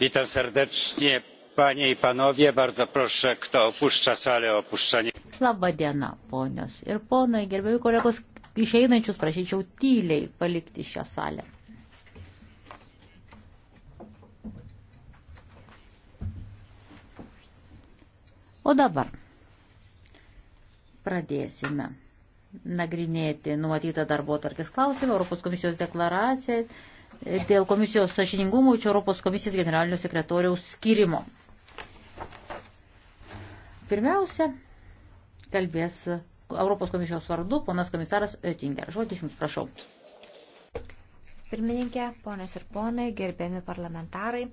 witam serdecznie panie i panowie bardzo proszę kto opuszcza salę o opuszczenie. laba diena ponios ir ponai gerbiami kolegos išeinančius prašyčiau tyliai palikti šią salę. O dabar pradėsime nagrinėti numatytą darbo tarkis klausimą Europos komisijos deklaraciją dėl komisijos sažiningumų iš Europos komisijos generalinio sekretoriaus skirimo. Pirmiausia, kalbės Europos komisijos vardu ponas komisaras Oettinger. Žodis jums prašau. Pirmininkė, ponios ir ponai, gerbiami parlamentarai.